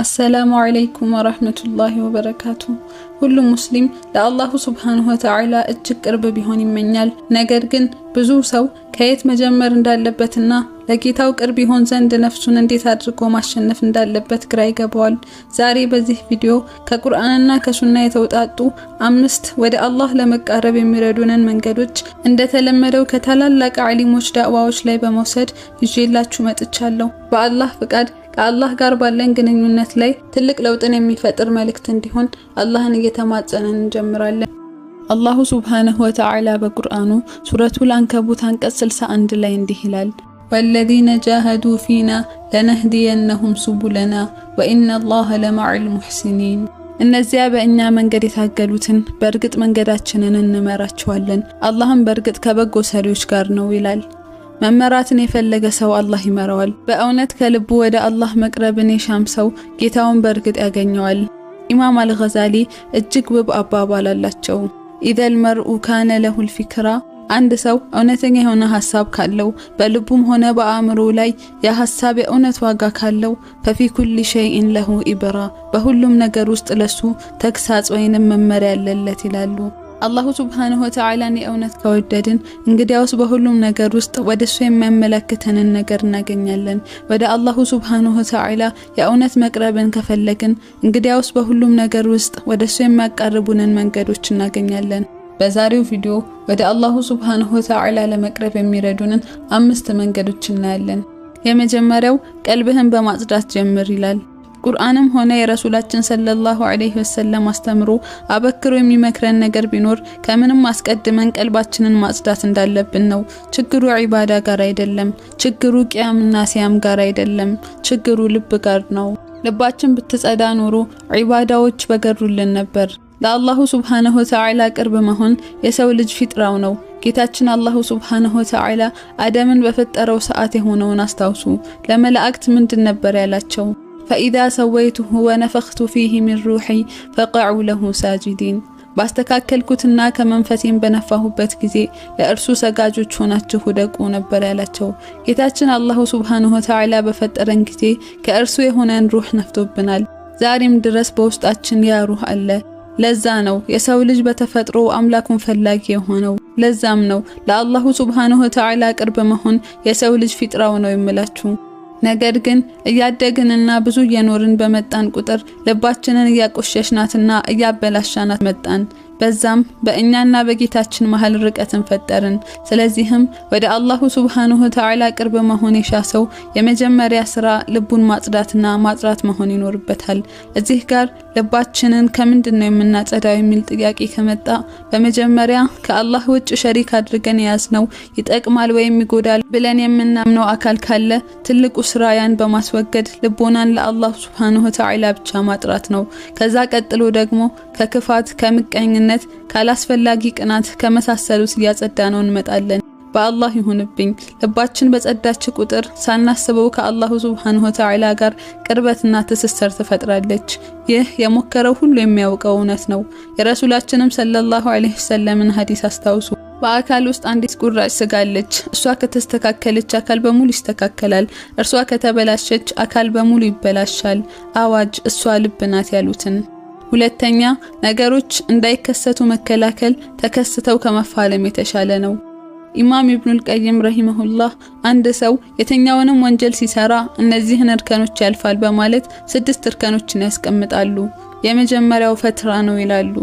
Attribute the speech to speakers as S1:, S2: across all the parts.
S1: አሰላሙ አለይኩም ወረህመቱላሂ ወበረካቱ። ሁሉም ሙስሊም ለአላሁ ስብሓንሁ ወተዓላ እጅግ ቅርብ ቢሆን ይመኛል። ነገር ግን ብዙ ሰው ከየት መጀመር እንዳለበትና ለጌታው ቅርብ ይሆን ዘንድ ነፍሱን እንዴት አድርጎ ማሸነፍ እንዳለበት ግራ ይገባዋል። ዛሬ በዚህ ቪዲዮ ከቁርአንና ከሱና የተውጣጡ አምስት ወደ አላህ ለመቃረብ የሚረዱንን መንገዶች እንደተለመደው ከታላላቅ ዓሊሞች ዳዕዋዎች ላይ በመውሰድ ይዤላችሁ መጥቻለሁ። በአላህ ፍቃድ ከአላህ ጋር ባለን ግንኙነት ላይ ትልቅ ለውጥን የሚፈጥር መልእክት እንዲሆን አላህን እየተማጸንን እንጀምራለን። አላሁ ሱብሓነሁ ወተዓላ በቁርአኑ ሱረቱል አንከቡት አንቀጽ 61 ላይ እንዲህ ይላል ወለዚነ ጃሃዱ ፊና ለነህዲየነሁም ሱቡለና ወኢነ አላህ ለመዐል ሙሕሲኒን እነዚያ በእኛ መንገድ የታገሉትን በእርግጥ መንገዳችንን እንመራቸዋለን፣ አላህም በእርግጥ ከበጎ ሰሪዎች ጋር ነው ይላል። መመራትን የፈለገ ሰው አላህ ይመራዋል። በእውነት ከልቡ ወደ አላህ መቅረብን የሻም ሰው ጌታውን በእርግጥ ያገኘዋል። ኢማም አልገዛሊ እጅግ ውብ አባባል አላቸው። ኢደል መርኡ ካነ ለሁል ፊክራ አንድ ሰው እውነተኛ የሆነ ሀሳብ ካለው በልቡም ሆነ በአእምሮ ላይ የሀሳብ የእውነት ዋጋ ካለው ፈፊ ኩል ሸይን ለሁ ኢብራ በሁሉም ነገር ውስጥ ለሱ ተግሳጽ ወይንም መመሪያ አለለት ይላሉ። አላሁ ሱብሃነሁ ወተዓላን የእውነት ከወደድን እንግዲያውስ በሁሉም ነገር ውስጥ ወደ እሱ የሚያመለክተንን ነገር እናገኛለን። ወደ አላሁ ሱብሃነሁ ወተዓላ የእውነት መቅረብን ከፈለግን እንግዲያውስ በሁሉም ነገር ውስጥ ወደ እሱ የሚያቃርቡንን መንገዶች እናገኛለን። በዛሬው ቪዲዮ ወደ አላሁ ሱብሃነሁ ወተዓላ ለመቅረብ የሚረዱንን አምስት መንገዶች እናያለን። የመጀመሪያው ቀልብህን በማጽዳት ጀምር ይላል። ቁርአንም ሆነ የረሱላችን ሰለላሁ ዐለይሂ ወሰለም አስተምሮ አበክሮ የሚመክረን ነገር ቢኖር ከምንም አስቀድመን ቀልባችንን ማጽዳት እንዳለብን ነው። ችግሩ ዒባዳ ጋር አይደለም። ችግሩ ቂያምና ሲያም ጋር አይደለም። ችግሩ ልብ ጋር ነው። ልባችን ብትጸዳ ኖሮ ዒባዳዎች በገሩልን ነበር። ለአላሁ ሱብሓነሁ ወተዓላ ቅርብ መሆን የሰው ልጅ ፊጥራው ነው። ጌታችን አላሁ ሱብሓነሁ ወተዓላ አደምን በፈጠረው ሰዓት የሆነውን አስታውሱ። ለመላእክት ምንድን ነበር ያላቸው? ፈኢዛ ሰወይቱሁ ወነፈኽቱ ፊህ ሚን ሩሒ ፈቀዑ ለሁ ሳጅዲን ባስተካከልኩትና ከመንፈሴን በነፋሁበት ጊዜ ለእርሱ ሰጋጆች ሆናችሁ ውደቁ ነበር ያላቸው። ጌታችን አላሁ ሱብሓነሁ ወተዓላ በፈጠረን ጊዜ ከእርሱ የሆነን ሩህ ነፍቶብናል። ዛሬም ድረስ በውስጣችን ያ ሩህ አለ። ለዛ ነው የሰው ልጅ በተፈጥሮ አምላኩን ፈላጊ የሆነው። ለዛም ነው ለአላሁ ሱብሓነሁ ወተዓላ ቅርብ መሆን የሰው ልጅ ፊጥራው ነው የምላችሁ። ነገር ግን እያደግንና ብዙ እየኖርን በመጣን ቁጥር ልባችንን እያቆሸሽናትና እያበላሻናት መጣን። በዛም በእኛና በጌታችን መሃል ርቀትን ፈጠርን። ስለዚህም ወደ አላሁ ሱብሃነሁ ተዓላ ቅርብ መሆን የሻ ሰው የመጀመሪያ ስራ ልቡን ማጽዳትና ማጽራት መሆን ይኖርበታል። እዚህ ጋር ልባችንን ከምንድን ነው የምናጸዳው የሚል ጥያቄ ከመጣ በመጀመሪያ ከአላህ ውጭ ሸሪክ አድርገን የያዝነው ይጠቅማል ወይም ይጎዳል ብለን የምናምነው አካል ካለ ትልቁ ስራ ያን በማስወገድ ልቦናን ለአላሁ ሱብሃነሁ ተዓላ ብቻ ማጥራት ነው። ከዛ ቀጥሎ ደግሞ ከክፋት ከምቀኝነት ከእምነት ካላስፈላጊ ቅናት ከመሳሰሉት እያጸዳ ነው እንመጣለን። በአላህ ይሁንብኝ። ልባችን በጸዳች ቁጥር ሳናስበው ከአላሁ ሱብሓነሁ ወተዓላ ጋር ቅርበትና ትስስር ትፈጥራለች። ይህ የሞከረው ሁሉ የሚያውቀው እውነት ነው። የረሱላችንም ሰለላሁ ዐለይሂ ወሰለምን ሐዲስ አስታውሱ። በአካል ውስጥ አንዲት ቁራጭ ስጋ አለች። እሷ ከተስተካከለች አካል በሙሉ ይስተካከላል። እርሷ ከተበላሸች አካል በሙሉ ይበላሻል። አዋጅ! እሷ ልብ ናት ያሉትን ሁለተኛ ነገሮች እንዳይከሰቱ መከላከል ተከስተው ከመፋለም የተሻለ ነው። ኢማም ኢብኑል ቀይም ረሂመሁላህ አንድ ሰው የትኛውንም ወንጀል ሲሰራ እነዚህን እርከኖች ያልፋል በማለት ስድስት እርከኖችን ያስቀምጣሉ። የመጀመሪያው ፈትራ ነው ይላሉ።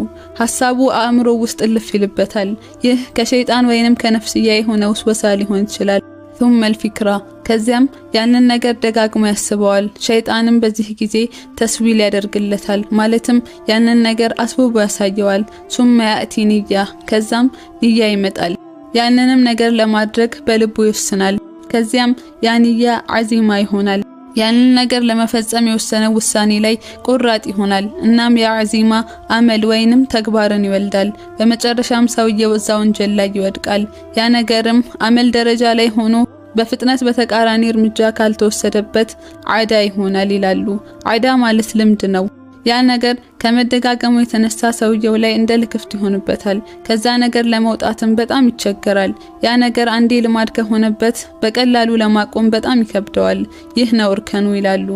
S1: ሀሳቡ አእምሮ ውስጥ እልፍ ይልበታል። ይህ ከሸይጣን ወይንም ከነፍስያ የሆነ ውስወሳ ሊሆን ይችላል። ثم الፊክራ ከዚያም ያንን ነገር ደጋግሞ ያስበዋል። ሸይጣንም በዚህ ጊዜ ተስዊል ያደርግለታል፣ ማለትም ያንን ነገር አስቡቦ ያሳየዋል። ሱመ ያእቲ ንያ፣ ከዛም ንያ ይመጣል። ያንንም ነገር ለማድረግ በልቡ ይወስናል። ከዚያም ያንያ አዚማ ይሆናል። ያንን ነገር ለመፈጸም የወሰነ ውሳኔ ላይ ቁራጥ ይሆናል። እናም የአዚማ አመል ወይንም ተግባርን ይወልዳል። በመጨረሻም ሰውየው እዛ ወንጀል ላይ ይወድቃል። ያ ነገርም አመል ደረጃ ላይ ሆኖ በፍጥነት በተቃራኒ እርምጃ ካልተወሰደበት አዳ ይሆናል ይላሉ። አዳ ማለት ልምድ ነው። ያ ነገር ከመደጋገሙ የተነሳ ሰውየው ላይ እንደ ልክፍት ይሆንበታል። ከዛ ነገር ለመውጣትም በጣም ይቸገራል። ያ ነገር አንዴ ልማድ ከሆነበት በቀላሉ ለማቆም በጣም ይከብደዋል። ይህ ነው እርከኑ ይላሉ።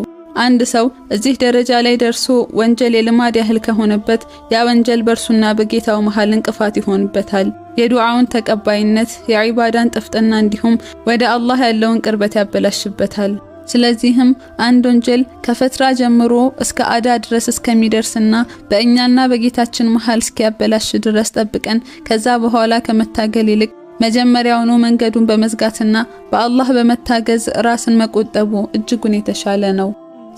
S1: አንድ ሰው እዚህ ደረጃ ላይ ደርሶ ወንጀል የልማድ ያህል ከሆነበት ያ ወንጀል በእርሱና በጌታው መሃል እንቅፋት ይሆንበታል። የዱዓውን ተቀባይነት፣ የዒባዳን ጥፍጥና እንዲሁም ወደ አላህ ያለውን ቅርበት ያበላሽበታል። ስለዚህም አንድ ወንጀል ከፈትራ ጀምሮ እስከ አዳ ድረስ እስከሚደርስና በእኛና በጌታችን መሃል እስኪያበላሽ ድረስ ጠብቀን ከዛ በኋላ ከመታገል ይልቅ መጀመሪያውኑ መንገዱን በመዝጋትና በአላህ በመታገዝ ራስን መቆጠቡ እጅጉን የተሻለ ነው።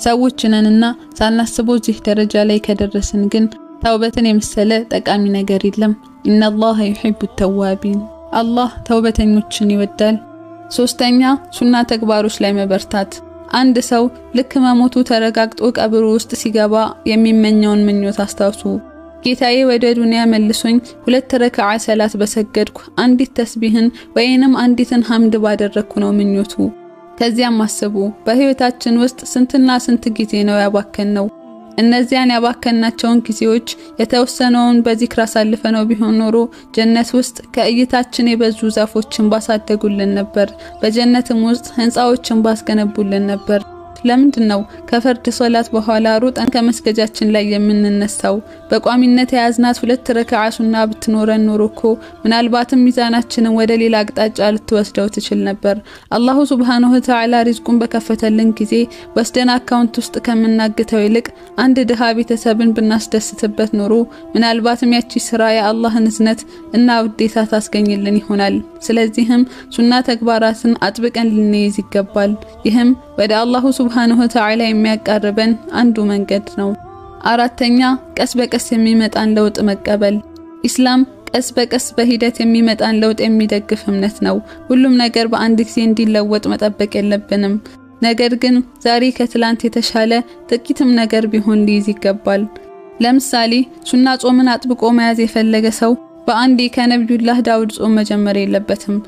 S1: ሰዎች ነንና ሳናስበው እዚህ ደረጃ ላይ ከደረስን ግን ተውበትን የመሰለ ጠቃሚ ነገር የለም። ኢነላህ ዩሂቡ ተዋቢን፣ አላህ ተውበተኞችን ይወዳል። ሶስተኛ ሱና ተግባሮች ላይ መበርታት። አንድ ሰው ልክ መሞቱ ተረጋግጦ ቀብሩ ውስጥ ሲገባ የሚመኘውን ምኞት አስታውሱ። ጌታዬ ወደ ዱንያ መልሶኝ ሁለት ረከዓ ሰላት በሰገድኩ አንዲት ተስቢህን ወይንም አንዲትን ሐምድ ባደረግኩ ነው ምኞቱ ከዚያም አስቡ በህይወታችን ውስጥ ስንትና ስንት ጊዜ ነው ያባከን ነው። እነዚያን ያባከናቸውን ጊዜዎች የተወሰነውን በዚክር አሳልፈ ነው ቢሆን ኖሮ ጀነት ውስጥ ከእይታችን የበዙ ዛፎችን ባሳደጉልን ነበር፣ በጀነትም ውስጥ ህንፃዎችን ባስገነቡልን ነበር። ለምንድን ነው ከፈርድ ሶላት በኋላ ሩጠን ከመስገጃችን ላይ የምንነሳው? በቋሚነት የያዝናት ሁለት ረከዓ ሱና ብትኖረን ኖሮ እኮ ምናልባትም ሚዛናችንን ወደ ሌላ አቅጣጫ ልትወስደው ትችል ነበር። አላሁ ሱብሃነሁ ተዓላ ሪዝቁን በከፈተልን ጊዜ ወስደን አካውንት ውስጥ ከምናግተው ይልቅ አንድ ድሃ ቤተሰብን ብናስደስትበት ኖሮ ምናልባትም ያቺ ስራ የአላህን እዝነት እና ውዴታ ታስገኝልን ይሆናል። ስለዚህም ሱና ተግባራትን አጥብቀን ልንይዝ ይገባል። ይህም ወደ አላሁ ሱብሃነሁ ወተዓላ የሚያቃርበን አንዱ መንገድ ነው። አራተኛ ቀስ በቀስ የሚመጣን ለውጥ መቀበል። ኢስላም ቀስ በቀስ በሂደት የሚመጣን ለውጥ የሚደግፍ እምነት ነው። ሁሉም ነገር በአንድ ጊዜ እንዲለወጥ መጠበቅ የለብንም። ነገር ግን ዛሬ ከትላንት የተሻለ ጥቂትም ነገር ቢሆን ሊይዝ ይገባል። ለምሳሌ ሱና ጾምን አጥብቆ መያዝ የፈለገ ሰው በአንዴ ከነቢዩላህ ዳውድ ጾም መጀመር የለበትም።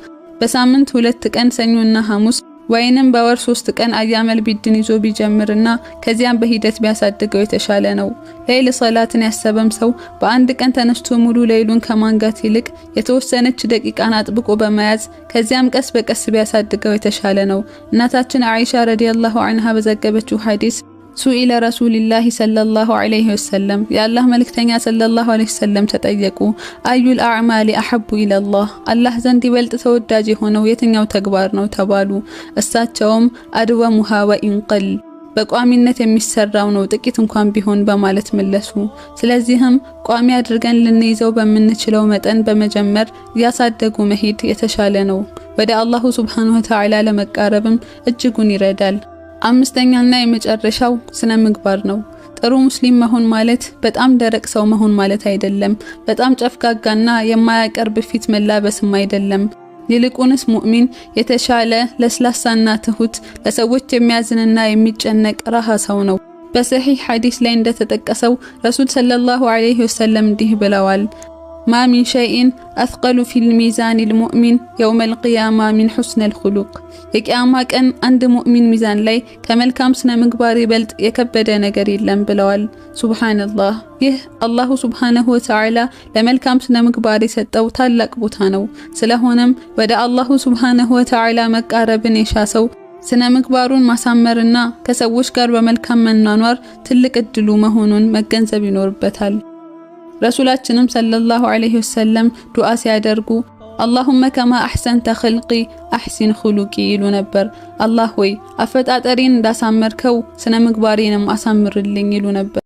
S1: በሳምንት ሁለት ቀን ሰኞና ሐሙስ ወይንም በወር ሶስት ቀን አያመል ቢድን ይዞ ቢጀምርና ከዚያም በሂደት ቢያሳድገው የተሻለ ነው። ሌይል ሰላትን ያሰበም ሰው በአንድ ቀን ተነስቶ ሙሉ ሌይሉን ከማንጋት ይልቅ የተወሰነች ደቂቃን አጥብቆ በመያዝ ከዚያም ቀስ በቀስ ቢያሳድገው የተሻለ ነው። እናታችን አኢሻ ረዲየላሁ አንሃ በዘገበችው ሐዲስ ሱኢለ ረሱልላሂ ሰለላሁ ዐለይሂ ወሰለም የአላህ መልክተኛ ሰለላሁ ዐለይሂ ወሰለም ተጠየቁ። አዩል አዕማሊ አሐቡ ኢለላህ አላህ ዘንድ ይበልጥ ተወዳጅ የሆነው የትኛው ተግባር ነው ተባሉ። እሳቸውም አድወሙሃ ወኢንቅል በቋሚነት የሚሰራው ነው ጥቂት እንኳን ቢሆን በማለት መለሱ። ስለዚህም ቋሚ አድርገን ልንይዘው በምንችለው መጠን በመጀመር እያሳደጉ መሄድ የተሻለ ነው። ወደ አላሁ ሱብሓነሁ ወተዓላ ለመቃረብም እጅጉን ይረዳል። አምስተኛና የመጨረሻው ስነ ምግባር ነው። ጥሩ ሙስሊም መሆን ማለት በጣም ደረቅ ሰው መሆን ማለት አይደለም። በጣም ጨፍጋጋና የማያቀርብ ፊት መላበስም አይደለም። ይልቁንስ ሙእሚን የተሻለ ለስላሳና ትሁት፣ ለሰዎች የሚያዝንና የሚጨነቅ ራሃ ሰው ነው። በሰሒህ ሐዲስ ላይ እንደተጠቀሰው ረሱል ሰለላሁ ዐለይሂ ወሰለም እንዲህ ብለዋል ما من شيء أثقل في الميزان المؤمن يوم القيامة من حسن الخሉቅ የቅያማ ቀን አንድ ሙእሚን ሚዛን ላይ ከመልካም ስነ ምግባር ይበልጥ የከበደ ነገር የለም ብለዋል። ሱብሃነላህ። ይህ አላሁ ሱብሃነሁ ወተዓላ ለመልካም ስነ ምግባር የሰጠው ታላቅ ቦታ ነው። ስለሆነም ወደ አላሁ ሱብሃነሁ ወተዓላ መቃረብን የሻ ሰው ስነ ምግባሩን ማሳመርና ከሰዎች ጋር በመልካም መኗኗር ትልቅ እድሉ መሆኑን መገንዘብ ይኖርበታል። ረሱላችንም ሰለላሁ ዐለይሂ ወሰለም ዱዓ ሲያደርጉ አላሁመ ከማ አሕሰንተ ኽልቂ አሕሲን ኹሉቂ ይሉ ነበር። አላህ ወይ አፈጣጠሪን እንዳሳመርከው ስነ ምግባሬንም አሳምርልኝ ይሉ ነበር።